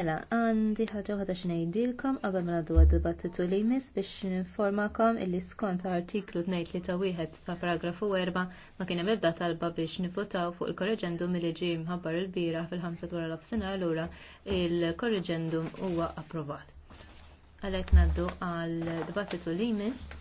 Mela, għandi ħagġa ħadda xnejdilkom qabel ma naddu għad-dibattitu li jmiss biex ninformakom illi skont artiklu 231 ta' paragrafu 4 ma kien hemm ebda talba biex nivvotaw fuq il-korreġendum li ġie mħabbar il-bira fil-5 dwar l-ofsina allura il-korreġendum huwa approvat. Għalhekk naddu għal dibattitu li jmiss.